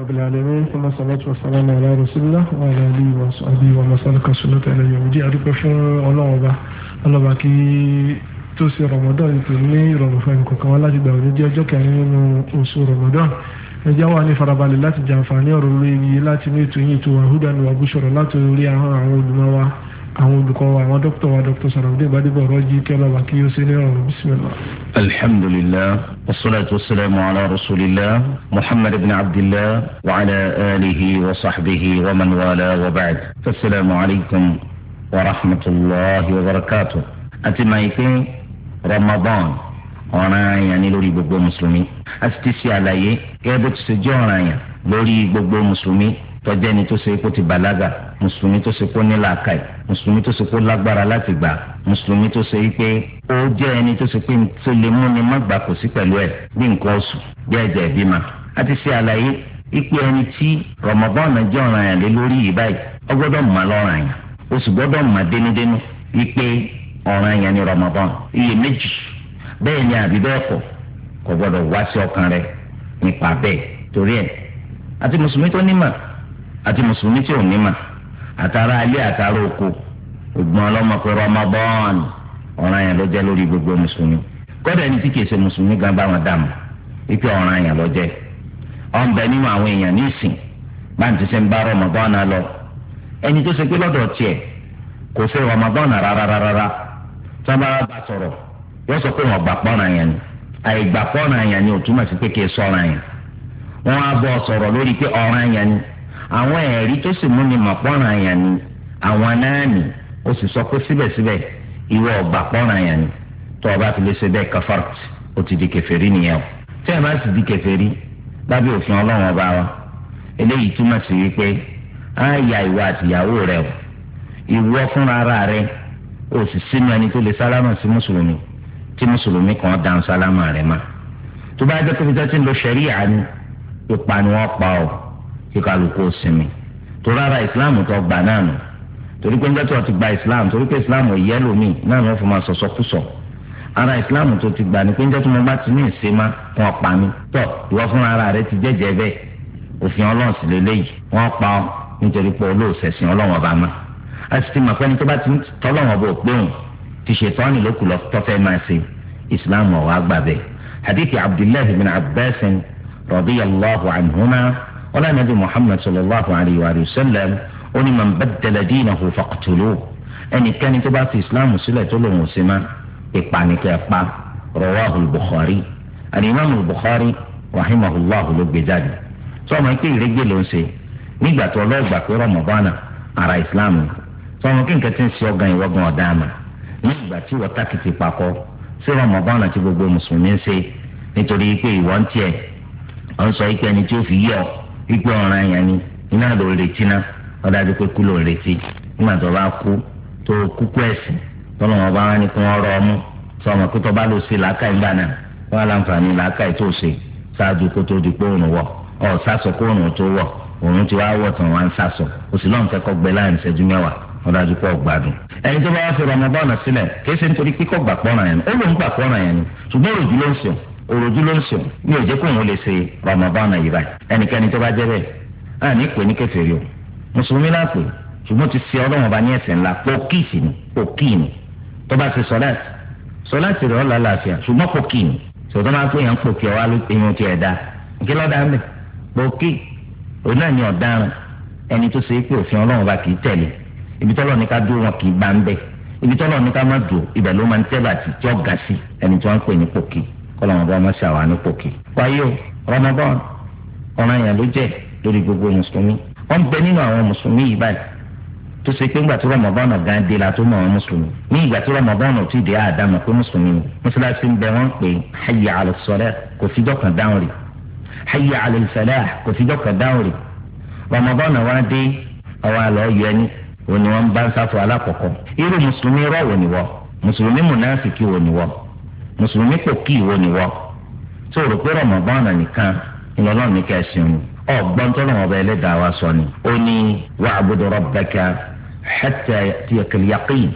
رب العالمين ثم الصلاة والسلام على رسول الله وعلى آله وصحبه ومن سلك سنته إلى يوم الدين adúpẹ́ fún Ọlọ́run Ọba Ọlọ́run Ọba kí tó ṣe Ramadan ìpè ní ìrọ̀rùn fún ẹnì kọ̀ọ̀kan wá láti gbà òní jẹ́ ọjọ́ kẹrin nínú oṣù Ramadan ẹjẹ́ wà ní farabalẹ̀ láti jàǹfààní ọ̀rọ̀ lórí láti ní ètò yìí tó wà húdà ní wàbúṣọ̀rọ̀ láti orí àwọn olùmọ̀ wa àwọn olùkọ́ wa àwọn dókítà wa dókítà sàràwùdé ìbádìbò rọ́jì kẹlọ́ba kí yóò ṣe ní ọ̀rọ̀ bisimilá. alhamdulilah wasalaatu wasalaamu ala rasulillah muhammad ibn abdillah wa ala alihi wa saxbihi wa man wala wa ba'd. asalaamu alaykum wa rahmatulahi wa barakatu. àti maa ife ramadan ọ̀ràn àyàn ni lórí gbogbo mùsùlùmí. a ti ti ṣe àlàyé kẹ́ bó ti ṣe jẹ́ ọ̀ràn àyàn lórí gbogbo mùsùlùmí tọ́jẹ́ ni tó ṣe kó ti bàlágà mùsùlùmí tó ṣe kó ní làákàyè mùsùlùmí tó ṣe kó lágbára láti gbà mùsùlùmí tó ṣe pé ó jẹ́ ẹni tó ṣe pé tó lè mú ni má gbà kò sí pẹ̀lú ẹ̀ bí nǹkan oṣù bí ẹ̀jẹ̀ ìbímọ. a ti ṣe àlàyé ipe ẹni tí rọmọbọ́ọ̀nà jẹ́ ọ̀ràn yàn lé lórí yìí báyìí ó gbọ́dọ̀ mọ̀ lọ́ràn yàn ó sì gbọ́dọ̀ mọ̀ dénúdénú ipe ọ̀ràn yẹn ni Ramadan iye méjì bẹ́ẹ̀ ni àbí bẹ́ẹ̀ kọ́ kò gbọ́dọ̀ wá sí ọkàn rẹ nípa bẹ́ẹ̀ torí ẹ̀ àti mùsùlùmí tó nímọ̀ àti mùsùlùmí tí ò ní mà àtàrà àtàrà oko ògbọ́n ọlọ́mọ pé Ramadan yẹn lórí gbogbo mùsùlùmí kọ́dà ẹni tí kìí ṣe mùsùlùmí gan bá wọn dààmú ipe ọ̀ràn yẹn ló jẹ́ ọ̀nbẹ nínú àwọn èèyàn ní ìsìn báńtí ṣe ń bá Ramadan lọ ẹni tó ṣe pé lọ́dọ̀ tiẹ̀ kò ṣe sábà bá yóò sọ pé wọn gbà pọ́nrán yẹn ni àwọn ẹ̀rí tó sì múni mọ̀pọ́nrán àyàn ni àwọn náà nì ó sì sọ pé síbẹ̀síbẹ̀ ìwọ ọ̀gbà pọ́nrán àyàn ni tó o bá fi lè ṣe bẹ́ẹ̀ kafart ó ti di kèfèrí nìyẹn o tẹ́ ẹ bá sì di kèfèrí lábẹ́ òfin ọlọ́run ọba wa eléyìí túmọ̀ sí wípé á ya ìwọ àtìyàwó rẹ o ìwọ fúnra ara rẹ o sì sínú ẹni tó lè sálámà sí mùsùlùmí tí mùsùlùmí kan dáhùn sálámà rẹ má tó bá jẹ́ pé fi tẹ́tí ń lo ṣẹ̀ríà ni ìpànìwọ̀n pa ọ́ kí kálukú sinmi torí ara islam tó gbà náà nù torí pé nígbà tí wọ́n ti gba islam torí pé islam ò yẹ lómi náà ni wọ́n fi máa sọ̀sọ́ kú sọ ara islam tó ti gbà ní pé nígbà tí wọ́n bá ti ní ìsinmi wọ́n pa mí tọ́ ìwọ fúnra ara rẹ ti jẹ́jẹ́ bẹ́ẹ̀ òfin ọlọ́run sì lélẹ́yìí wọ́n pa ọ́ nítorí pé olóòsẹ̀sìn ọlọ́run ọba máa a sì tó bá ti tọ́lọ́wọ́n bò pé òun ti ṣètọ́ni lókù lọ tọ́fẹ́ máa ṣe islam ọ̀wá gbà bẹ́ẹ̀ abdullahi bin abbas radiyallahu anhuma wọn náà nàbí muhammed sallallahu alayhi wa sallam ó ní man baddala dinahu faqtuluhu ẹnikẹ́ni tó bá fi islam sílẹ̀ tó lòun ò sí ma ìpànìkẹ́ pa rawahu al-bukhari al-imam al-bukhari rahimahullah ló gbé jáde tó ọmọ ike ìrẹ́gbẹ́ ló ń ṣe nígbà tó ọlọ́ọ̀gbà pé rọmọbánà ara islam tó ọmọ kí nǹkan ti ń ṣe ọgàn ìwọ́gàn ọ̀daràn nígbà tí wọ́n tákìtì pakọ́ sí rọmọbánà tí gbogbo mùsùlùmí ń ṣe nítorí pé ìwọ́n ń tiẹ̀ ọ̀ ń sọ ike ẹni tí ó fi yí ọ ikpe ọ̀ràn yẹn ni iná ló ń retí náà ọ̀dájú pé kú ló ń retí nígbà tó bá kú tó kúkú ẹ̀sìn wọn bá wá ní kí wọ́n rọ ọmú pé tó bá sí náà wọ́n á láǹfààní ṣáájú kó tó di pé òun wọ̀ ọ̀ sásọ kó ti wá wọ̀ tán wá ń sásọ òsì lọ́n fẹ́ kọ́ gbẹ láàrin ìṣẹ́jú mẹ́wàá ọ̀dájú pọ̀ gbádùn. ẹni tó bá wá fi sílẹ̀ ṣe nítorí kíkọ́ yẹn ó lóun òròjú ló ń sùn ní òjẹ́ kó òun lè ṣe rọmọbọ́nà yìí báyìí ẹnikẹ́ni tó bá jẹ́ bẹ́ẹ̀ náà ní pè ní kèfèrí o mùsùlùmí náà pè ṣùgbọ́n ti ṣe ọlọ́run ọba ní ẹ̀ṣẹ̀ ńlá pòkìsì ni pòkìsì ni tó bá ṣe sọláàtì sọláàtì rẹ̀ ọ̀la làáfíà ṣùgbọ́n pòkìsì sọ̀tọ́ máa pè yàn pòkì ọ̀wá lóyún ti ẹ̀dá kí lọ́dà ń bẹ̀ pòkì òun náà ni ọ̀daràn ẹni tó ṣe é pé òfin ọlọ́run ọba kì í kọlọ́wọ́n bá máa ṣàwà ní pòkì. wáyé o Ramadan ọ̀ràn yẹn ló jẹ́ lórí gbogbo mùsùlùmí. wọ́n ń bẹ nínú àwọn mùsùlùmí yìí báyìí tó ṣe pé ńgbà tí Ramadan gan dé la tó mọ àwọn mùsùlùmí. ní ìgbà tí Ramadan ti dé àdámọ̀ pé mùsùlùmí ni mùsùlùmí ń bẹ wọ́n pè hayya ala salah kò fi dọ́kàn dáhùn rè hayya ala kò fi dọ́kàn dáhùn rè Ramadan wa dé ọwọ́ mùsùlùmí kò kí ìwọ nìwọ tó rò pé rọmọbọ́nà nìkan ńlọlọ́ọ̀ni kẹsìn ọgbọ́n tó lọ́wọ́ bá wa sọ ni ó ní wa'budu rabbaka hatta ya'tiyakal yaqin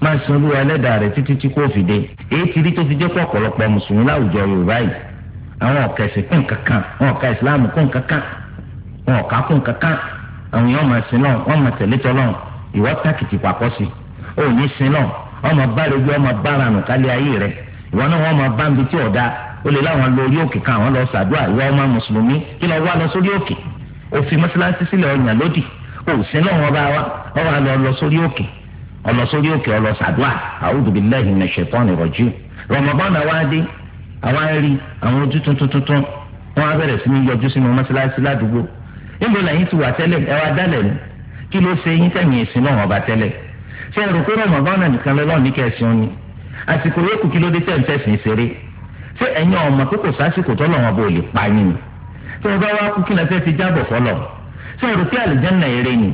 máa sin olúwa rẹ títí tí kò èyí ti tó fi jẹ́ ọ̀pọ̀lọpọ̀ mùsùlùmí láwùjọ yorùbá yìí àwọn ẹ̀sìn kún kankan wọn kún kankan wọn kún kankan àwọn máa sin náà wọn máa tẹ̀lé tọ́ náà ìwọ́ tákìtì sin náà bá rẹ ìwọ náà wọn máa bá ń bi tí ọ̀dà ó lè láwọn lọ orí òkè kan àwọn lọ sàdúrà ìwọ ọmọ mùsùlùmí kí lọ wá lọ sórí òkè òfin mọ́sálásí sílẹ̀ ọ̀yàn lódì òsín náà wọn bá wa ọwọ́ àlọ́ lọ sórí òkè ọlọ sórí òkè ọlọ sàdúà a'udhu billahi minash shaitani rajim Ramadan náà wáá dé àwọn arí àwọn ojú tuntun tuntun wọn á bẹ̀rẹ̀ sí ní yọjú sínú mọ́sálásí ládùúgbò níbo lẹ́yìn ti wà tẹ́lẹ̀ ẹ wá dálẹ̀ ni kí ló ṣe yín sẹ́yìn ìsìn náà wọn bá tẹ́lẹ̀ ṣé ẹ rò pé Ramadan náà nìkan lọ́lọ́ ní kẹsàn-án ni àsìkò yóò kù kí ló dé tẹ̀ ń tẹ̀sìn ṣeré ṣé ẹ̀yin ọmọ pé kò sásìkò tó lọ́wọ́ bó lè pa yín ni tó o bá wá kú kí lẹ́sẹ̀ ti jábọ̀ fọlọ̀ ṣé o rò pé àlìjẹ́nà eré ni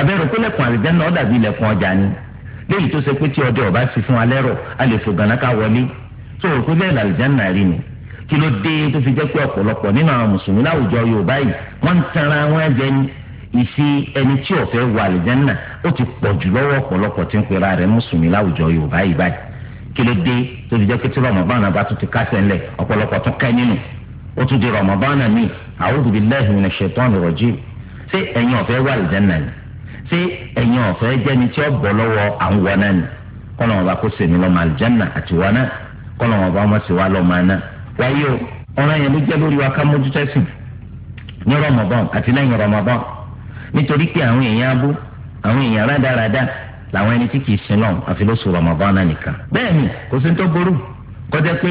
àbẹ̀rù pé lẹ́kùn àlìjẹ́nà ó dàbí ilẹ̀kùn ọjà ni léyìí tó ṣe pé tí ọjọ́ ọba sì fún alẹ́ fò gànà ká wọlé tó o rò pé bẹ́ẹ̀ làlìjẹ́nà rí ni kí ló dé tó fi jẹ́ pé ọ̀pọ̀lọpọ̀ nínú àwọn mùsùlùmí láwùjọ Yorùbá yìí wọ́n ń tanra wọn jẹ ni ìfi ẹni tí ó fẹ́ wọ àlìjẹ́nà ó ti pọ̀ jù lọ́wọ́ ọ̀pọ̀lọpọ̀ tí ń pera rẹ̀ mùsùlùmí láwùjọ Yorùbá yìí báyìí kí ló dé tó ti jẹ́ pé tí rọmọbọ́nà bá tún ti kásẹ̀ ńlẹ̀ ọ̀pọ̀lọpọ̀ tún kẹ́ nínú ó tún di rọmọbọ́nà míì a'udhu billahi minash shaitani rajim ṣé ẹ̀yin ọ̀fẹ́ wà lìjẹ́nà ni ṣé ẹ̀yin ọ̀fẹ́ jẹ́ni tí ó bọ̀ lọ́wọ́ àwọn wọn náà ni kọ́nà wọn bá kó sèmi lọ́mọ àlìjẹ́nà àti wọn náà kọ́nà wọn bá wọn sì wá lọ́mọ náà wáyé o ọ̀ràn yẹn ló jẹ́ lórí wa ká mójútó ẹ̀sìn ní làwọn ẹni tí kìí sin náà àfi lóṣù Ramadan náà nìkan. bẹ́ẹ̀ni kò sí tó burú kọjá pé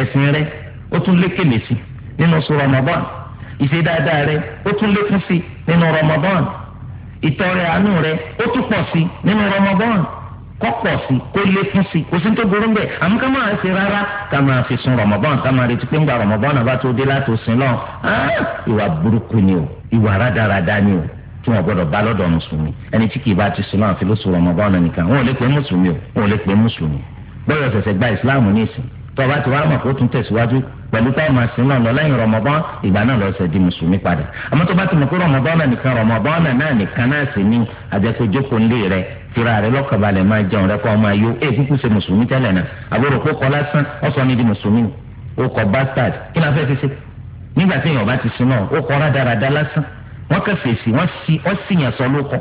ẹ̀sìn rẹ ó tún lékele sí nínú oṣù Ramadan ìṣe dáadáa rẹ ó tún lékún sí nínú Ramadan ìtọrẹ àánú rẹ ó tún pọ̀ sí nínú Ramadan kọ́pọ̀ sí kó lékún sí kò sí tó burú bẹ́ẹ̀ àmọ́ ká máa ṣe rárá ká máa fi sun Ramadan ká máa retí pé ńgbà Ramadan náà bá tó dé láti òsín náà tí wọn gbọ́dọ̀ bá lọ́dọ̀ mùsùlùmí ẹni tí kìí bá ti sùn náà fìlósù Ramadan nìkan wọn ò lè pè mùsùlùmí o wọn ò lè pè mùsùlùmí bẹ́ẹ̀ ṣẹ̀ṣẹ̀ gba ìsìláàmù ní ìsìn tó o bá ti wá mọ̀ kó o tún tẹ̀síwájú pẹ̀lú táwọn máa sin náà lọ lẹ́yìn Ramadan ìgbà náà lọ ṣe di mùsùlùmí padà àmọ́ tó bá ti mọ̀ pé Ramadan náà nìkan Ramadan náà nìkan náà sì ní àjẹpẹ́ jókòó ńlé rẹ fira rẹ lọ́kàbalẹ̀ máa jẹun rẹ kọ́ ọ máa yó kúkú ṣe mùsùlùmí tẹ́lẹ̀ náà àbúrò kó kọ́ lásán ọ̀sán ni di mùsùlùmí o kọ́ bastard kí wọ́n kẹ́ fèsì wọ́n sì wọ́n sì yàn sọ lóko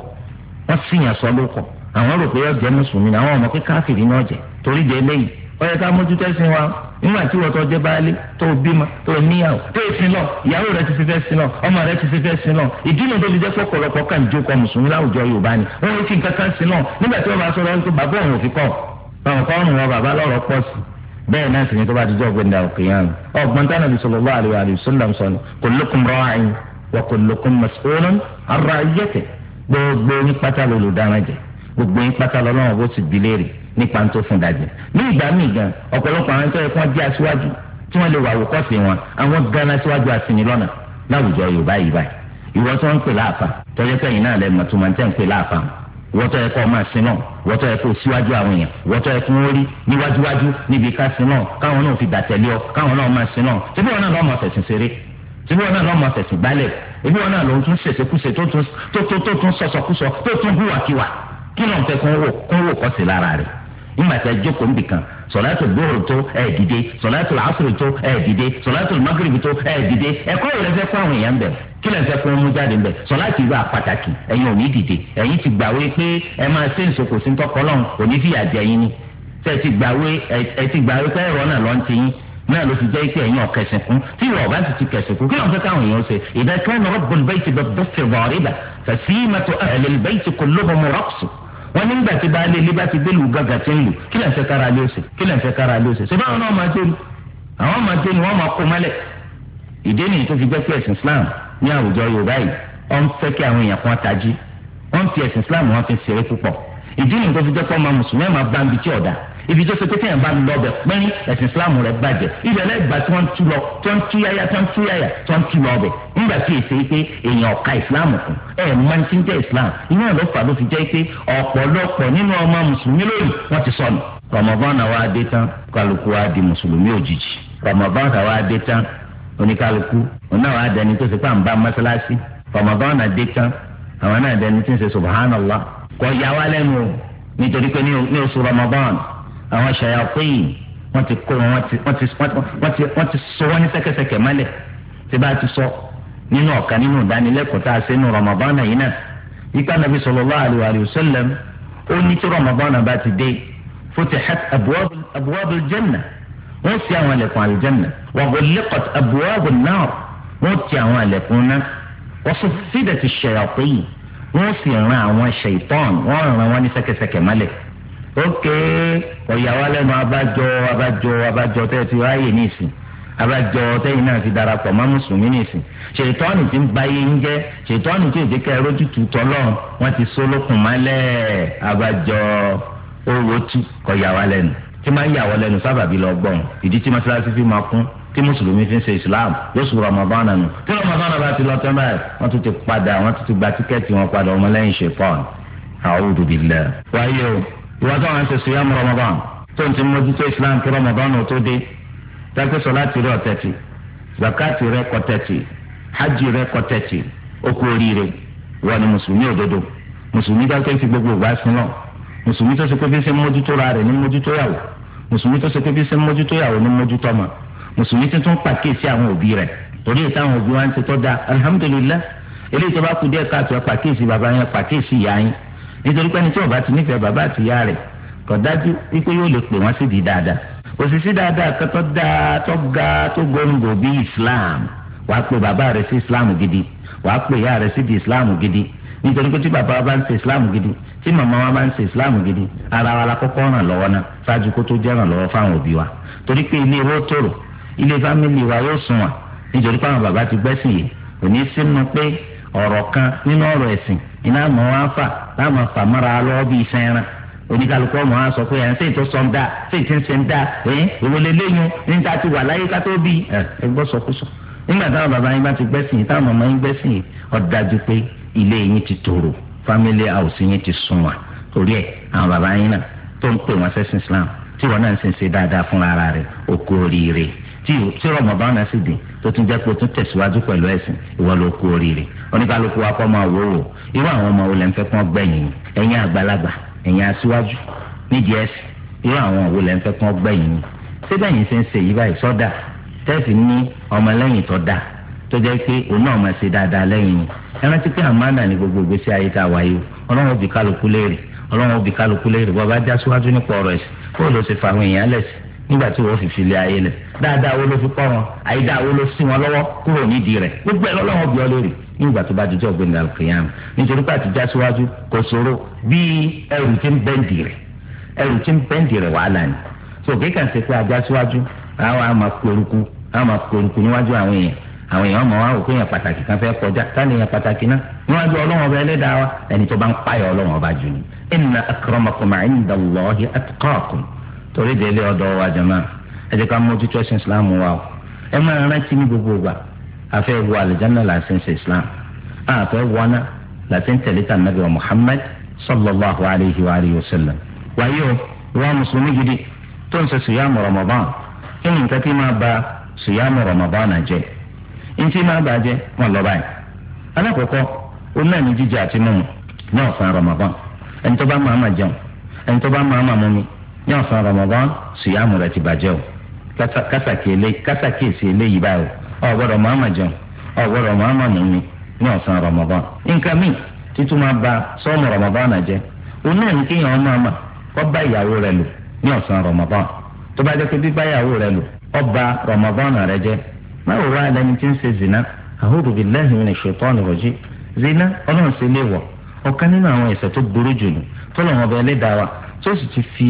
wọ́n sì yàn sọ lóko àwọn rò pé yóò jẹ́ mùsùlùmí ni àwọn ọmọ pé káfíìrì náà jẹ torí de eléyìí ó yẹ ká mójútó ẹ̀sìn wa nígbà tí wọ́n tó dé báyálé tó bímọ tó níyàwó tó èsì lọ ìyàwó rẹ ti fi fẹ́ sí lọ ọmọ rẹ ti fi fẹ́ sí lọ ìdúnnù tó fi jẹ́ pé ọ̀pọ̀lọpọ̀ kàn jókòó mùsùlùmí láwùjọ yorùbá ni wọ́n ò fi nǹkan kan sí lọ nígbà tí wọ́n bá sọ lọ́wọ́ pé bàbá òun ò fi kọ́ báwọn kọ́ ọ̀run wọn bàbá lọ́rọ̀ pọ̀ sí bẹ́ẹ̀ náà sì ni tó bá dijọ́ gbẹ̀ndà òkè yẹn ọgbọ́n tánà bí sọlọ́lá àlè wa kullukum mas'ulun an ra'iyatihi gbogbo yín pátá lolùdarán jẹ gbogbo yín pátá lọ́lọ́run bó ti bi léèrè nípa tó fún dájẹ ní ìgbà míì gan ọ̀pọ̀lọpọ̀ àwọn tó yẹ kí wọ́n jẹ́ aṣíwájú tí wọ́n lè wà wò kọ́sì wọn àwọn gan aṣíwájú aṣinilọ́nà láwùjọ yorùbá yìí báyìí ìwọ tó ń pè láàfà tọ́jú kẹ́yìn náà lẹ́nu tó máa ń tẹ̀ ń pè láàfà wọ́tọ̀ yẹ kó máa sin náà wọ́tọ̀ yẹ kó síwájú àwọn èèyàn wọ́tọ̀ yẹ kó wọ́n rí níwájúwájú níbi ká sin náà káwọn náà fi dàtẹ̀lé ọ káwọn náà máa sin náà ṣé bí wọn náà lọ́mọ tẹ̀sìn ṣeré síbí wọn náà lọ́mọ tẹ̀sí gbálẹ̀ ebi wọn náà lọ́n tún ṣèṣekúṣe tó tún sọ̀sọ̀kúsọ tó tún hùwàkiwà kí ló ń fẹ́ kún wò kún wò kọ́ sí lára rẹ̀ nígbà tí a jókòó ń bì kan sọ̀láàtù gbòòrò tó ẹ̀ dìde sọ̀láàtù làásùrì tó ẹ̀ dìde sọ̀láàtù magrebi tó ẹ̀ dìde ẹ̀kọ́ yìí lẹ́fẹ́ kó àwọn èèyàn bẹ̀ kí lẹ́fẹ́ kó mú jáde bẹ̀ sọ̀láàtù ìwà pàtàkì ẹ̀yin ò ní dìde ẹ̀yin ti gbàwé pé ẹ máa ṣe ìsòkò sí tọkọ náà ló fi jẹ́ ike ẹ̀yìn ọ̀kẹsìn kún tí ìwà ọ̀bá sì ti kẹsìn kún kí ló ń fẹ́ káwọn èèyàn ṣe ìdá kẹ́ni rọ́bùn bẹ́ẹ̀ ti bẹ́ẹ̀ fi rọ̀ ríbà fẹ̀símẹ́tò ẹ̀lẹ́lì bẹ́ẹ̀ ti kò lóbo mu rọ́ọ̀sù wọn nígbà tí baálé ilé bá ti gbé lu gàgà tí ń lù kí lè ń fẹ́ kára lé ọ̀sẹ̀ kí lè ń fẹ́ kára lé ọ̀sẹ̀ ṣùgbọ́n àwọn máa tẹ́lu àwọn àwọn ọmọ ibi tó ṣe pé téèyàn bá ń lọ bẹ pẹ́rín ẹ̀sìn islam rẹ̀ bàjẹ́ ibẹ̀ lẹ́gbà tí wọ́n ń tú lọ tó ń tú yáyá tó ń tú yáyá tó ń tú lọ bẹ̀ nígbà tí èsè pé èèyàn ọ̀ka islam kù ẹ̀ máa ń ti ń jẹ́ islam iná ló fà ló fi jẹ́ pé ọ̀pọ̀lọpọ̀ nínú ọmọ mùsùlùmí lónìí wọ́n ti sọnù. ramadan àwa adé tán kálukú wa di mùsùlùmí òjijì ramadan àwa adé tán oníkálukú o nítorí pé àwọn ṣayapéyì wọ́n ti kó wọn wọ́n ti sọ wọ́n ní sẹ́kẹsẹkẹ mọ́lẹ̀ tí bá ti sọ nínú ọ̀kan nínú ìdánilẹ́kọ̀ọ́ tá a ṣe nínú Ramadan yìí náà ìgbà nàbí sallallahu alaihi wasallam ó ní tí Ramadan bá ti dé futihat abwabul janna wọ́n ṣí àwọn ẹlẹ́kùn àlùjànnà wa ghulliqat abwabun nar wọ́n ti àwọn ẹlẹ́kùn náà wa suffidat ash-shayatin wọ́n sì ran àwọn ṣèitán wọ́n ràn wọ́n ní sẹ́kẹsẹkẹ mọ́lẹ̀ ókè ọ̀yàwó alẹ́nu abájọ abájọ abájọ tẹ́ ti ráyè nísìn abájọ tẹ́yìn náà ti darapọ̀ mọ́ mùsùlùmí nísìn ṣètọ́nì tí ń ba yé ń jẹ́ ṣètọ́nì tí èdè kẹ́ rójútùú tọ́lọ́ wọn ti sólókùn mọ́lẹ̀ abájọ owótú ọ̀yàwó alẹ́nu tí máa ń yàwó lẹ́nu sábàbí lọ gbọ́n ìdí tí mọ́ṣáláṣí fi máa kún tí mùsùlùmí fi ń ṣe islam lóṣù ramadan nù tí ramadan bá ti lọ tán báyìí wọ́n tún ti padà wọ́n tún ti gba tíkẹ́ẹ̀tì wọn padà ọmọlẹ́yìn ṣe ìwà tó àwọn ṣe siyam Ramadan tó ń ti mójútó Islam kí Ramadan ò tó dé tẹ́tí sọláàtì rẹ̀ ọ̀tẹ̀tì zakati rẹ̀ kọ̀tẹ̀tì hajj rẹ̀ kọ̀tẹ̀tì okú oríire wọ́n ni mùsùlùmí òdodo mùsùlùmí dákẹ́ fi gbogbo ìgbà sí náà mùsùlùmí tó ṣe pé bí ṣe mójútó ra rẹ̀ ní mójútó yàwó mùsùlùmí tó ṣe pé bí ṣe mójútó yàwó ní mójútó ọmọ mùsùlùmí tó tún pàkíyèsí àwọn òbí rẹ̀ torí ìtàwọn òbí wa ń ṣe tọ́ da alhamdulillah eléyìí tó bá kú díẹ̀ káàtó ẹ pàkíyèsí bàbá yẹn pàkíyèsí ìyá yẹn nítorí pé ẹni tí ó bá ti nífẹ̀ẹ́ bàbá àtìyá rẹ̀ kò dájú wípé yóò lè pè wọ́n sí di dáadáa òṣìṣẹ́ dáadáa kan tó dáa tó ga tó góńgò bí islam wàá pè bàbá rẹ̀ sí islam gidi wàá pè ìyá rẹ̀ sí di islam gidi nítorí pé tí bàbá wa bá ń ṣe islam gidi tí màmá wa bá ń ṣe islam gidi ara wa la kọ́kọ́ ràn lọ́wọ́ náà ṣáájú kó tó jẹ́ ràn lọ́wọ́ fáwọn òbí wa torí pé ilé owó tòrò ilé fámìlì wa yóò sunwọ̀n nítorí pé àwọn bàbá ti gbẹ́sìn yìí kò sínú pé ọ̀rọ̀ kan nínú ọ̀rọ̀ ẹ̀sìn iná mọ̀ wá fà fa mara mọ́ra lọ́wọ́ bíi fẹ́ràn oníkàlùkù ọmọ sọ pé ẹ̀ ń sèǹtì tó sọm dáa sèǹtì ń sèǹ dáa ẹ̀yìn ìwọlé lẹ́yìn níta ti wà láyé ká tó bí ẹ̀ ẹ̀ gbọ́ sọkúsọ. nígbà táwọn bàbá yín bá ti gbẹ́sìn yìí táwọn yín ti tòrò family house yín ti sunwọ̀n torí ẹ̀ àwọn bàbá yín náà tó ń pè wọ́n sẹ́sìn Islam tí wọ́n náà ń dáadáa tí Ramadan náà sì dé tó tún jẹ́ pé o tún tẹ̀síwájú pẹ̀lú ẹ̀sìn ìwọ ló kú oríire oníkálukú wa kọ́ máa wò ó irú àwọn ọmọ wo lẹ́ ń fẹ́ kán gbẹ̀yìn ẹ̀yin àgbàlagbà ẹ̀yin aṣíwájú nídìí ẹ̀sìn irú àwọn wo lẹ́ ń fẹ́ kán gbẹ̀yìn síbẹ̀ yìí ṣe ń ṣe yí báyìí sọ́dà tẹ́sí ní ọmọlẹ́yìn tó dáa tó jẹ́ pé òun náà máa ṣe dáadáa lẹ́yìn ni ẹ rántí pé àmàlà ní gbogbo ìgbésí ayé tá wáyé ọlọ́run òbí kálukú léèrè ọlọ́run òbí kálukú léèrè bọ́ bá já síwájú nípa ọ̀rọ̀ ẹ̀sìn kó o lọ sí fàwọn èèyàn lẹ̀sìn nígbà tí wọ́n fi filẹ̀ ayé lẹ̀ dáadáa wo ló fi kọ́ wọn àyídá wo ló sí wọn lọ́wọ́ kúrò nídìí rẹ̀ gbogbo ẹ̀ lọ́lọ́wọ́ bí ọ lórí nígbà tó bá dijọ́ ọ̀gbìn alkiyam nítorí pé àtijọ́ síwájú kò ṣòro bíi ẹrù tí ń bẹ́ǹdì rẹ̀ ẹrù tí ń bẹ́ǹdì rẹ̀ wàhálà ni so kéèkàn ṣe pé àjọ síwájú àwọn àmà kúrúkú àmà kúrúkú níwájú àwọn èèyàn àwọn èèyàn mọ̀ wọn òkú èèyàn pàtàkì kan fẹ́ kọjá táni èèyàn pàtàkì náà níwájú ọlọ́wọ́n ọba ẹlẹ́dàá wa ẹni tó bá ń páyà ọlọ́wọ́n ọba jù ní inna akramakum inda Allahi atqakum torí délé ọ̀dọ̀ wa jama ẹ jẹ́ ká mójútó ẹ̀sìn islam wa o ẹ máa rántí ní gbogbo ìgbà àfẹ wo alìjáná làásìn ṣe islam àfẹ wọnà làásìn tẹ̀lé tà nàbẹ wa muhammad sallallahu alayhi wa alihi wa sallam wáyé o ìwà mùsùlùmí gidi tó ń ṣe sùyàmù ramadan kí ni nǹkan ba ramadan máa ba wọn lọ báyìí jíjẹ àti mímu ramadan ẹni ma jẹun ẹni tó bá máa ma ní ọ̀sán Ramadan sùyàmù rẹ ti bàjẹ́ o kásàkíyèsí eléyìí báyìí o ọ̀gbọ́dọ̀ màmá jẹun ọ̀gbọ́dọ̀ màmá nìyí ní ọ̀sán Ramadan. nǹkan míì títún máa ba sọ́ọ̀mù Ramadan jẹ́ náà ní kéèyàn ma kọ́ bá ìyàwó rẹ lò ní ọ̀sán tó bá jẹ́ pé bíbá ìyàwó rẹ lò ọba ba Ramadan rẹ jẹ́ báwo zina tó sì ti fi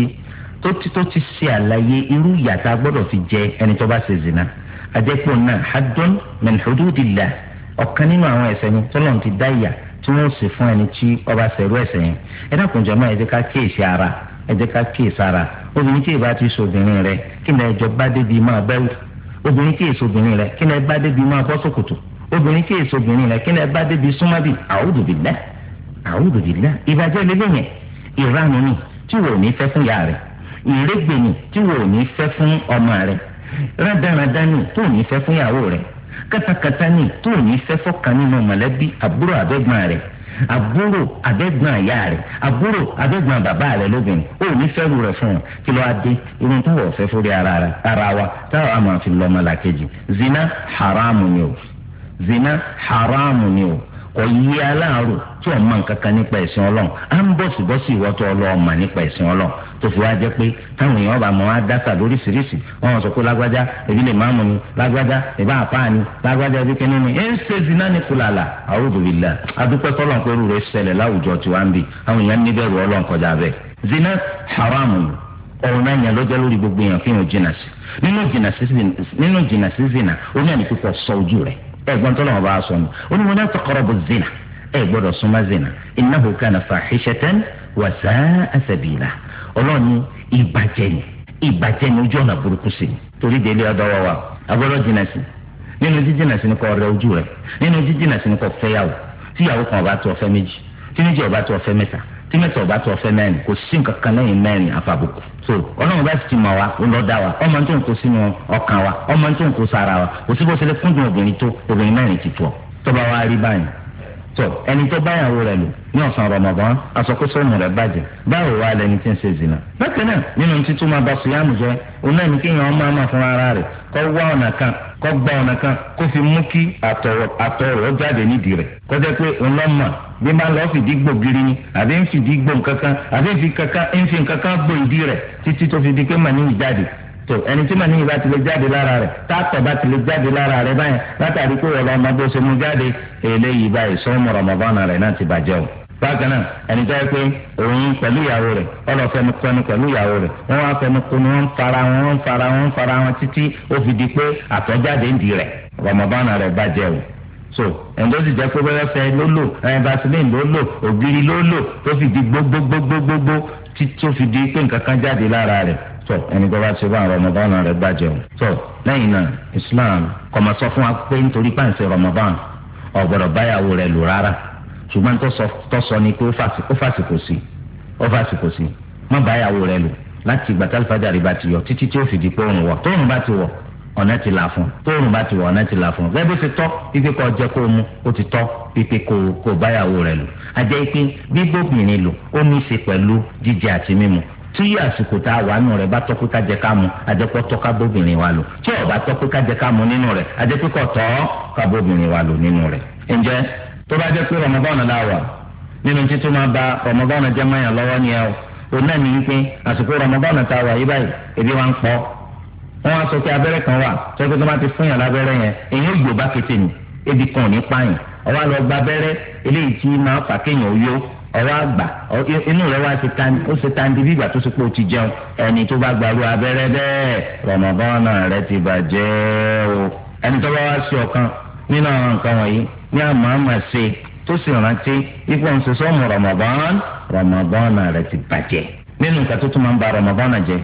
tó ti tó ti ṣe àlàyé irú ìyàtà gbọ́dọ̀ fi jẹ ẹni tó bá ṣe zina àjẹpọ̀ náà hadun min hududillah ọ̀kan nínú àwọn ẹ̀ṣẹ̀ ni tọ́lọ́n ti dá ìyà tí wọ́n sì fún ẹni tí ó bá ṣerú ẹ̀ṣẹ̀ yẹn ẹ dákun jọmọ ẹ jẹ́ ká kíyèsí ara ẹ jẹ́ ká kíyèsí ara obìnrin tí ì bá ti sọ obìnrin rẹ kí ni ẹjọ bá débi máa bẹ́ẹ̀ obìnrin tí ì sọ obìnrin rẹ kí ni ẹ bá débi máa bọ́ sòkòtò obìnrin tí ì sọ obìnrin rẹ kí ni ẹ bá débi súnmọ́bì a'udhu billah a'udhu billah ìbàjẹ́ lélẹ́yìn ìranu ni tí wò ní fẹ́ fún yàrá rẹ̀ ìrégbèmí tí wò ní fẹ́ fún ọmọ rẹ̀ rádaràdá ni tó ní fẹ́ fún ìyàwó rẹ̀ kátàkátà ni tó ní fẹ́ fọ́kàn nínú mọ̀lẹ́bí àbúrò àbẹ́gbọ́n rẹ̀ àbúrò àbẹ́gbọ́n àyà rẹ̀ àbúrò àbẹ́gbọ́n bàbá rẹ̀ lóbìnrin ó ní fẹ́rù rẹ̀ fún un kí ló á dé irun táwọn ọ̀fẹ́ fúri ara wa táwọn àmọ̀ fi lọ́mọ làkejì zina haramu ni o zina haramu ni o kò yí aláàrò tí ò mọ nǹkan kan nípa ẹ̀sìn ọlọ́run à ń bọ̀sibọ́sì tó fi wá jẹ́ pé táwọn èèyàn bá mọ̀ wá dáta lóríṣiríṣi wọn sọ pé lágbájá ebi lè máàmù ni lágbájá ìbá àpá ni lágbájá ebi kẹ́ni ni ẹ̀ ń ṣe zina ní kulala a'udhu billah adúpẹ́ sọ́lọ́n pé rúre ṣẹlẹ̀ láwùjọ tiwa ń bì àwọn èèyàn níbẹ̀rù ọlọ́run kọjá bẹ́ẹ̀ zina haramu ọ̀run náà yẹn lọ́jọ́ lórí gbogbo èèyàn fi hàn jìnnà sí nínú jìnnà sí zina ó náà ní kíkọ sọ ojú rẹ̀ ọlọ́ọ̀ni ìbàjẹ́ ni ìbàjẹ́ ni ojú ọ̀nà burúkú sí ni torí délé ọ̀dọ́ wa wa agbọ́dọ̀ jìnnà sí nínú jíjìnnà sí ni kò rẹ ojú rẹ nínú jíjìnnà sí ni kò fẹ́yàwó tíyàwó kan ọba tó ọfẹ́ méjì tí méjì ọba tó ọfẹ́ mẹ́ta tí mẹ́ta ọba tó ọfẹ́ mẹ́rin kò sí nǹkan kan lẹ́yìn mẹ́rin so ọlọ́run bá ti mọ̀ wa ọlọ́dà wa ọmọ tó ń kó sínú ọkàn wa ọmọ tó ń kó wa kò tọ ẹni tó báyàwó rẹ̀ lò ní ọ̀sán Ramadan asọkósọ́nù rẹ̀ bàjẹ́ báwo wá lẹni tí ń ṣe zina. bákan náà nínú títún máa bá sùyàmù jẹ òun náà ní kéèyàn ọmọ àmà fún ara rẹ̀ kọ́ wá ọ̀nà kan kọ́ gba ọ̀nà kan kó fi mú kí àtọ̀rọ̀ jáde nídìí rẹ̀ kọjá pé ńlọ́mà bí máa lọ́ọ́ fìdí gbògiri ni àbí ń fìdí gbò nkankan àbí ń fi nkankan ń fi nkankan gbò ìdí títí tó fi di pé màní ìjáde tó ẹni tí màníyàn bá ti lè jáde lára rẹ̀ táàtọ̀ bá ti lè jáde lára rẹ̀ báyìí látàrí pé wọ́n lọ ọmọ bó ṣe mú jáde eléyìí báyìí sọ́mu rọ̀mọ́bọ́nà rẹ̀ náà ti bàjẹ́ o bákan náà ẹni tó yẹ pé òun pẹ̀lú ìyàwó rẹ̀ ọlọ́ fẹnu kọnu pẹ̀lú ìyàwó rẹ̀ wọ́n wá fẹnu kọnu wọ́n fara wọn wọ́n fara wọn fara wọn títí ó fi di pé àtọ̀jáde ń di rẹ̀ rọ̀mọ́bọ́nà rẹ̀ bàjẹ́ o so ẹnjọ́ sì jẹ́ pé bẹ́ẹ̀ fẹ́ ló lò ẹ̀ vaseline ló lò ògiri ló lò tó fi di gbogbogbogbogbò tí tó fi di pé nǹkan kan jáde lára rẹ̀ tó ẹni tó bá ṣe bá rọmọbáwọn rẹ̀ bàjẹ́ o tó lẹ́yìn náà islam kò máa sọ fún wa pé nítorí pàǹsẹ̀ rọmọbáwọn ọ̀gbọ́dọ̀ báyàwó rẹ̀ lò rárá ṣùgbọ́n tó sọ ni pé ó fàsìkò sí ó fàsìkò sí má báyàwó rẹ̀ lò láti ìgbà tálífàjà rẹ̀ bá ti yọ títí tí ó fìdí pé òun wọ̀ tóun bá ti wọ̀ ọ̀nà ti là fún tóun bá ti wọ̀ ọ̀nà ti là fún gẹ́gẹ́ bó ti tọ́ pípé kọ́ jẹ́ kó mu ó ti tọ́ pípé kó kó báyàwó rẹ̀ lò àjẹ́ pé gbígbóbìnrin lò ó ní í ṣe pẹ̀lú jíjẹ àti mímu tí àsìkò tá a wà nù rẹ̀ bá tọ́kú ká jẹ ká mu àjẹpọ̀ tọ́ka bóbìnrin wa lò tí ò bá tọ́kú ká jẹ ká mu nínú rẹ̀ àjẹpọ̀ kọ̀ tọ́ ká bóbìnrin wa lò nínú rẹ̀. ǹjẹ́ tó bá jẹ́ pé rọmọbọ́n la wà nínú títí máa ba rọmọbọ́n jẹ́ mọ́yàn lọ́wọ́ ni ẹ o ò náà nìyí pé àsìkò rọmọbọ́n ta wà yí báyìí ebi wa ń pọ̀ wọ́n wá sọ pé abẹ́rẹ́ kan wà tó pé tó bá ti ni ebi kan ò ní pààyàn ọwọ́ àlọ́ gba abẹ́rẹ́ ọwọ́ àgbà inú rẹ̀ wá ó ṣe tandi bí ìgbà tó ṣe pé o ti jẹun ẹni tó bá gbarú abẹ́rẹ́ bẹ́ẹ̀ rọ̀mọ̀bọ́nà rẹ̀ ti bàjẹ́ o ẹni tó bá wá sí ọ̀kan nínú àwọn nǹkan wọ̀nyí ní àmọ́ àmọ́ ṣe tó sì rántí wípé òun ṣe sọ́ọ̀mù rọ̀mọ̀bọ́n rọ̀mọ̀bọ́nà rẹ̀ ti bàjẹ́ nínú nǹkan tó tún máa ń ba rọ̀mọ̀bọ́nà jẹ́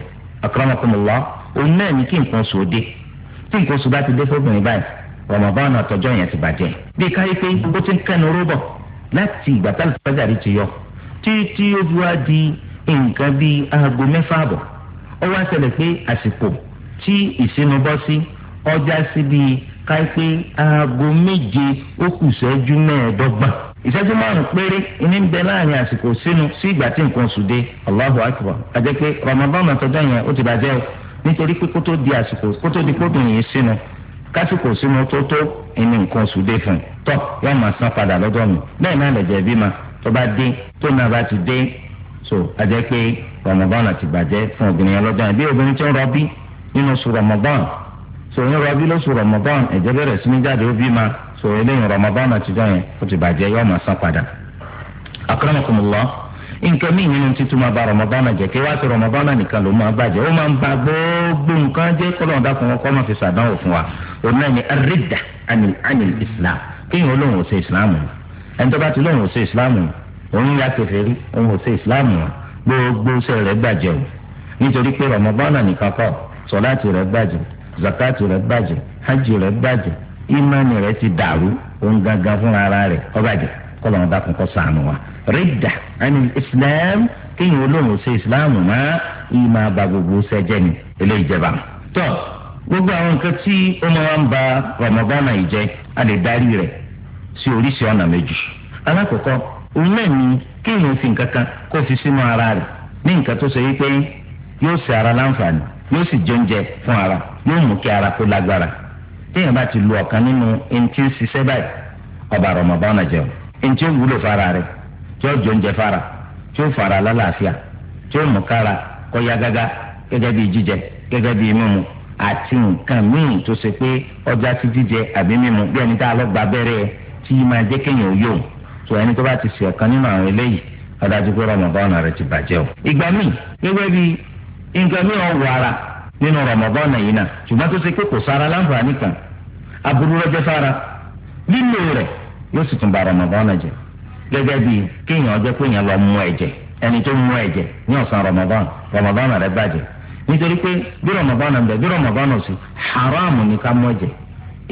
akramakumullah òun náà ní kí nǹkan oṣù dé tí nǹkan oṣù bá ti dé fóbìnrin báyìí rọ̀mọ̀bọ́nà tọjọ́ yẹn ti bàjẹ́ bí káyé pé ó ti ń kẹ́nu róbọ̀ láti ìgbà tá alifájàrí ti yọ títí ó fi wá di nǹkan bíi aago mẹ́fà àbọ̀ ó wá ṣẹlẹ̀ pé àsìkò tí ìsinmi bọ́ sí ọjà sí bíi káípé aago méje ó kù ṣẹ́jú mẹ́ẹ̀ẹ́dọ́gbọ̀n ìṣẹ́jú márùn péré ní bẹ láàrin àsìkò sínú sí ìgbà tí nǹkan oṣù dé Allahu akbar àjẹpé Ramadan àtọ́jọ́ yẹn ó ti bàjẹ́ o nítorí pé kótó di àsìkò kótó di kóbìnrin yìí sínú kásìkò sínú tó tó ẹni nǹkan oṣù dé fún un tọ yóò máa san padà lọ́dọ̀ mi bẹ́ẹ̀ náà lẹ̀jẹ̀ bí ma tó bá dé tó náà bá ti dé so a jẹ́ pé rọmọbọ́n àti bàjẹ́ fún obìnrin yẹn lọ́dọ̀ yẹn bí obìnrin tí ń rọbí nínú oṣù rọmọbọ́n so ń rọbí lóṣù rọmọbọ́n ẹ̀jẹ̀ bẹ̀rẹ̀ sí ní jáde ó bí ma so eléyìí rọmọbọ́n àtijọ́ yẹn ó ti bàjẹ́ yóò máa san padà. akramakumullah nǹkan míì nínú títún máa ba rọmọbọ́nà jẹ́ kí wá sí rọmọbọ́nà nìkan ló máa bàjẹ́ ó máa ń ba gbogbo nǹkan jẹ́ kọ́lọ́ọ̀dá fún wọn kọ́ fi ṣàdánwò fún wa òun náà ni arida anil islam kéèyàn olóhùn ọ̀sẹ̀ islam islamu ẹni tó bá ti lóhùn ọ̀sẹ̀ islam ni òun ya kèfèrí òun ọ̀sẹ̀ islam ni gbogbo ṣẹ́ rẹ̀ gbàjẹ́ o nítorí pé rọmọbọ́nà nìkan kọ́ sọláàtì rẹ̀ gbàjẹ́ zakati gbàjẹ́ hajj rẹ̀ gbàjẹ́ imani rẹ̀ ti dàrú òun gangan ara rẹ̀ ó bàjẹ́ kọ́lọ́n kọ́ sànù wa rida anil islam kéèyàn olóhùn ọ̀sẹ̀ islam máa ìmọ̀ ni eléyìí gbogbo àwọn nǹkan tí ó máa ń ba ramadana yìí jẹ́ a lè darí rẹ̀ sí oríṣi ọ̀nà méjì alákọ̀ọ́kọ́ òun náà ni kéèyàn fi nǹkan kan kó fi sínú ara rẹ̀ ní nǹkan tó ṣe wípé yóò ṣe ara láǹfààní yóò sì jẹ oúnjẹ fún ara yóò mú kí ara kó lágbára téèyàn bá ti lu ọ̀kan nínú eŋti ń ṣiṣẹ́ báyìí ọba ramadana jẹ o eŋti wúlò fara rẹ̀ tí ó jẹ oúnjẹ fara tí ó fara lálàáfíà tí ó mú kára àti nǹkan míì tó ṣe pé ọjà ti jíjẹ àbí mímu bí ẹni tá a lọ gba abẹ́rẹ́ tí máa jẹ́ kéèyàn yó tó ẹni tó bá ti ṣe ọ̀kan nínú àwọn eléyìí ọ̀dájú pé rẹ ti bàjẹ́ o. ìgbà míì gẹ́gẹ́ nǹkan míì ọ̀wọ́ ara nínú yìí náà ṣùgbọ́n tó kan aburú sára rẹ̀ nítorí pé bí rọmọbọ́n náà bẹ̀ bí rọmọbọ́n náà sì haramu ní ká mọ̀ jẹ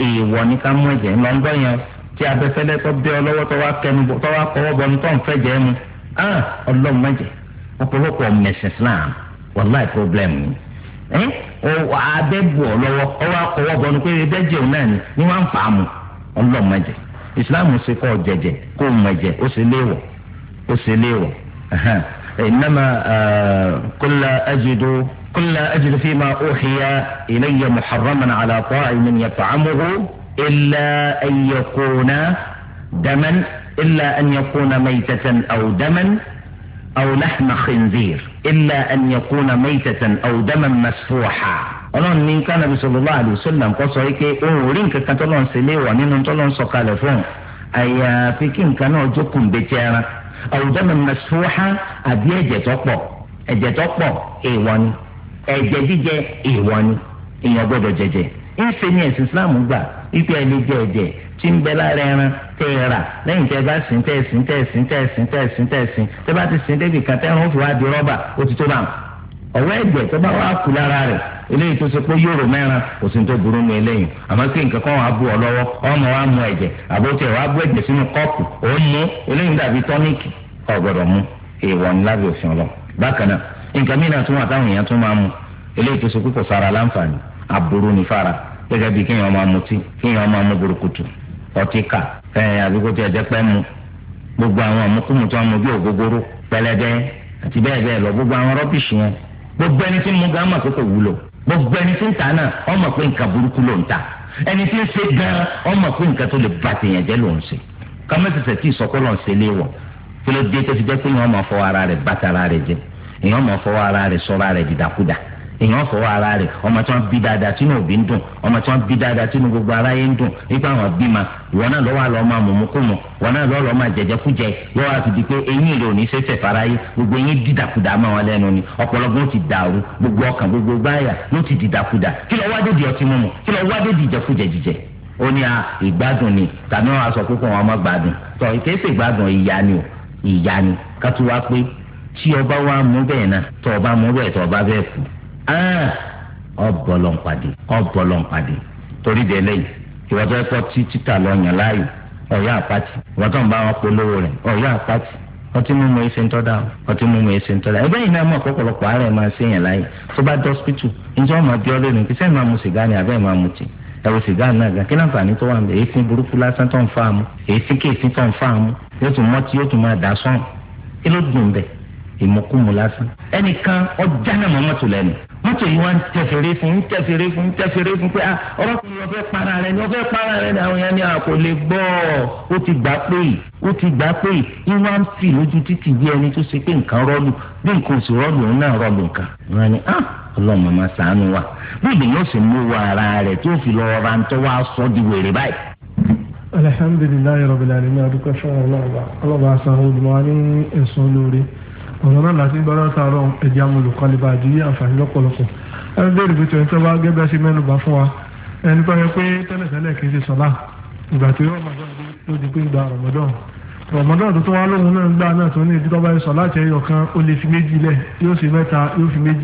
èèwọ̀ ní ká mọ̀ jẹ ńlọ ń gbọ́ yẹn tí abẹ́fẹ́lẹ́ tó bẹ́ ọ lọ́wọ́ tó wá kẹnu bọ́ tó wá kọ́wọ́ bọ́ ní tó ń fẹ́ jẹ mu ah ọlọ́run má jẹ ọ̀pọ̀lọpọ̀ mẹ̀sìn Islam wàláì problem ni ẹ ọ abẹ́ bù ọ lọ́wọ́ ọ wá kọ́wọ́ bọ́ ní pé ẹbẹ́ jẹ òun náà ni ni wọ́n ń fà á mu ọlọ́run má jẹ Islam ṣe kọ́ jẹjẹ kó mọ̀ jẹ ó ṣe léèwọ̀ ó ṣe léèwọ̀ innama kulla ajidu. قلنا أجد فيما أوحي إلي محرما على طاعم يطعمه إلا أن يكون دما إلا أن يكون ميتة أو دما أو لحم خنزير إلا أن يكون ميتة أو دما مسفوحا ọlọ́run ní kánàbí sọlọ́lá àdùsọ́lá nǹkan sọ wípé òun ò rí nǹkan kan tọ́lọ́run ṣe léèwọ̀ nínú tọ́lọ́run sọ kalẹ̀ fún un àyàfi kí nǹkan náà jókòó ń bẹ́tẹ̀ ẹran àwùjọ mi mẹ́sùwọ́há àbí ẹ̀jẹ̀ tó pọ̀ ẹ̀jẹ̀ tó pọ̀ èèwọ̀ ni. ẹ̀jẹ̀ jíjẹ èèwọ̀ ni èèyàn gbọ́dọ̀ jẹjẹ ńṣe ni ẹ̀sìn islam gbà ipe ẹni jẹ ẹ̀jẹ̀ tí ń bẹ lára ẹran tẹ ẹ rà lẹ́yìn tẹ bá sìn tẹ sìn tẹ sìn tẹ sìn tẹ sìn tẹ sìn tẹ bá ti sìn débi kan tẹrun ó fi wá di rọ́bà ó ti tó bá ọwọ́ ẹ̀jẹ̀ tó bá wà kú lára rẹ̀ eléyìí tó ṣe pé yóò rò mẹ́ran kò sí ní tó burú nu eléyìí àmọ́ kí nǹkan kan wàá bu ọ lọ́wọ́ ọmọ wa mu ẹ̀jẹ̀ àbótiẹ̀ wàá bu ẹ̀jẹ̀ sínú kọ́ọ̀pù ó ń mu eléyìí dàbí tọ́níìkì ọ̀gbọ̀dọ̀ mu èèwọ̀ ńlá òfin ọlọ́ bákan náà nǹkan mìíràn tún wà táwọn èèyàn tún máa mu eléyìí tó ṣe pé fara láǹfààní aburú ni fara gẹ́gẹ́ bíi kéèyàn máa mutí kéèyàn máa mu burúkutu ọtí kà ẹ̀ẹ́n àbí kó tiẹ̀ jẹ́ pẹ́ mu gbogbo àwọn àmúkúmu tó ń mu bí ògógóró pẹlẹbẹ àti bẹ́ẹ̀ bẹ́ẹ̀ lọ gbogbo àwọn rọ́bìṣì yẹn gbogbo ẹni tí ń mu gan mọ̀ pé kò wúlò gbogbo ẹni tí ń ta náà ó mọ̀ pé nǹkan burúkú ló ń ta ẹni tí ń ṣe gan ó mọ̀ pé nǹkan tó lè ba tèèyàn jẹ́ ló ń ṣe kámẹ́sẹ̀sẹ̀ tí ìsọkúlọ̀ ń ṣe léwọ̀ kí ló dé tó fi jẹ́ pé wọ́n máa fọ ara rẹ̀ bàtà ara rẹ̀ jẹ́ èèyàn mọ̀ fọwọ́ ara rẹ̀ sọ́ra rẹ̀ dìdàkudà èèyàn fọwọ́ ara rẹ̀ ọmọ tí wọ́n bí dáadáa tínú òbí ń dùn ọmọ tí bí dáadáa tínú gbogbo aráyé ń dùn nípa àwọn bímọ ìwọ náà lọ́wọ́ àlọ́ máa mọ̀mú kó ìwọ náà máa jẹjẹ àti di pé eyín rẹ̀ ò ní sẹ́sẹ̀ faráyé gbogbo eyín dídàkudà máa wọn ni ti dàrú gbogbo ọkàn gbogbo báyà ló ti dídàkudà kí lọ ọtí mímu kí lọ ìjẹkújẹ jíjẹ tí ọba wa mú bẹ́ẹ̀ náà tó ọba mú bẹ́ẹ̀ tó ọba bẹ́ẹ̀ fún ah, ọbọlọ́npadì ọbọlọ́npadì torí délé yìí ìwọ́tọ́ ẹ̀kọ́ tí títà lọ́yàn láàyè ọ̀yá àpáti ìwọ́tọ́ ń bá wọn polówó rẹ̀ ọ̀yá àpáti ọtí mímu ẹsẹ̀ ń tọ́da ọtí mímu ẹsẹ̀ ń tọ́da ẹ̀bẹ́ yìí náà mọ̀ ọ̀pọ̀lọpọ̀ àárẹ̀ máa ṣe yàn láàyè tó bá dé hospital ǹjẹ́ ọmọ bí ọ lónìí kìsẹ́ máa mu sìgá ni àbẹ́ máa mu tì ẹ̀rọ sìgá náà gan kí láǹfààní tó wà ń bẹ̀ èéfín burúkú lásán tó ń fa àmú èéfín kéèfín tó ń fa àmú yóò tún mọ́tí yóò tún máa dà sọ́ọ̀n kí ló dùn bẹ́ẹ̀ ìmọ̀kúmu lásán ẹnìkan ọjà náà mọ́ mọ́tò lẹ́nu mọ́tò yìí wá ń tẹ̀fẹ̀rẹ́ fún ń tẹ̀fẹ̀rẹ́ fún ń tẹ̀fẹ̀rẹ́ fún pé ọlọ́kùnrin ah, ọ̀fẹ́ para rẹ̀ ni ọ̀fẹ́ para rẹ̀ ni àwọn yẹn ni àkò ah, lè gbọ́ ó ti gbà pé ó ti gbà pé ìwà ń fi lójú títì bí ẹni tó ṣe pé nǹkan rọ́ọ̀lù bí nǹkan oṣù rọ́ọ̀lù òun náà rọ́ọ̀lù nǹkan wọn ni ah ọlọ́run màmá ṣàánú wa bí ìgbìyànjú sì mú wa ara rẹ̀ tó fi lọ́ọ́ ra ń tọ́wọ́ aṣọ di wèrè báyìí alhamdulilayi rabil alamin adukashan ọlọba ọlọba asan olùmọ ní ẹsùn olóore ọ̀rọ̀ náà láti gbọ́ látàárọ̀ ẹ̀jẹ̀ amúlùkọ́lẹ́bà àti àǹfààní lọ́pọ̀lọpọ̀ ẹni bẹ́ẹ̀ rìbí tó ń tọ́ bá gẹ́gẹ́ sí mẹ́nu bá fún wa ẹni tó yẹ pé tẹ́lẹ̀tẹ́lẹ̀ kì í ṣe sọ́lá ìgbà tó yọ màdán ló di pé gba rọ̀mọ́dán rọ̀mọ́dán tó tó wá lóhun náà gbà náà tó ní ìdíjọ́ bá yẹ sọ́lá tẹ́ yọ kan ó lè fi méjì lẹ̀ yóò sì mẹ́ta yóò fi méjì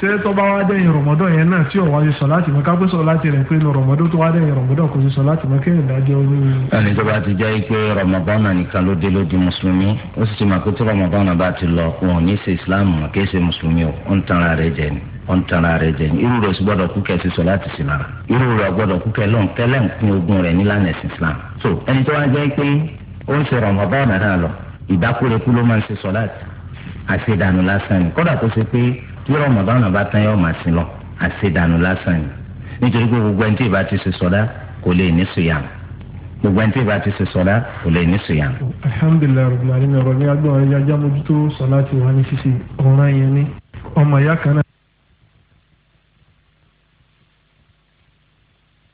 se tọ́ba wá dẹ́yìn rọ̀mọ́dọ̀ yẹn náà tí ò wáyé sọ láti mọ kápẹ́ sọ láti rẹ̀ pé lọ rọ̀mọ́dọ̀ tó wá dẹ́yìn rọ̀mọ́dọ̀ kò sí sọ láti mọ kéèyàn dájọ́ olóyè. ẹni tó bá ti jẹ́ pé rọmọbọ́nà nìkan o dé ló di mùsùlùmí ó sì ti mọ̀ pé tí rọmọbọ́nà bá ti lọ wọn ò ní ṣe ìsìláàmù mọ̀ kí o ó ń tanra rẹ̀ jẹ ni ó ń tanra rẹ̀ jẹ ni irú rẹ̀ sì gbọ́dọ̀ kú kẹ́ sí sọ láti sí lára irú rẹ̀ gbọ́dọ̀ kú kẹ́ lọ́n tẹ́lẹ̀ ń pín ogún rẹ̀ nílànà ẹ̀sìn Islam so ẹni tó wá jẹ́ pé ó ń ṣe rọmọbọ́nà náà lọ ìdákúrekú ló máa ń ṣe sọ láti àṣedànù lásán ni tí rọmọdán náà bá tán yóò máa sin lọ àṣedànù lásán ni nítorí pé gbogbo ẹni tí ìbá ti ṣe sọdá kò lè ní sùyàm gbogbo ẹni tí ìbá ti ṣe sọdá kò lè ní sùyàm. alhamdulilayi rabbil alamin ọ̀rọ̀ ní agbọ̀n ẹ̀yà ajámojútó sọ̀lá ti wà ní ṣíṣe ọ̀ràn yẹn ni ọmọ ìyá kan náà.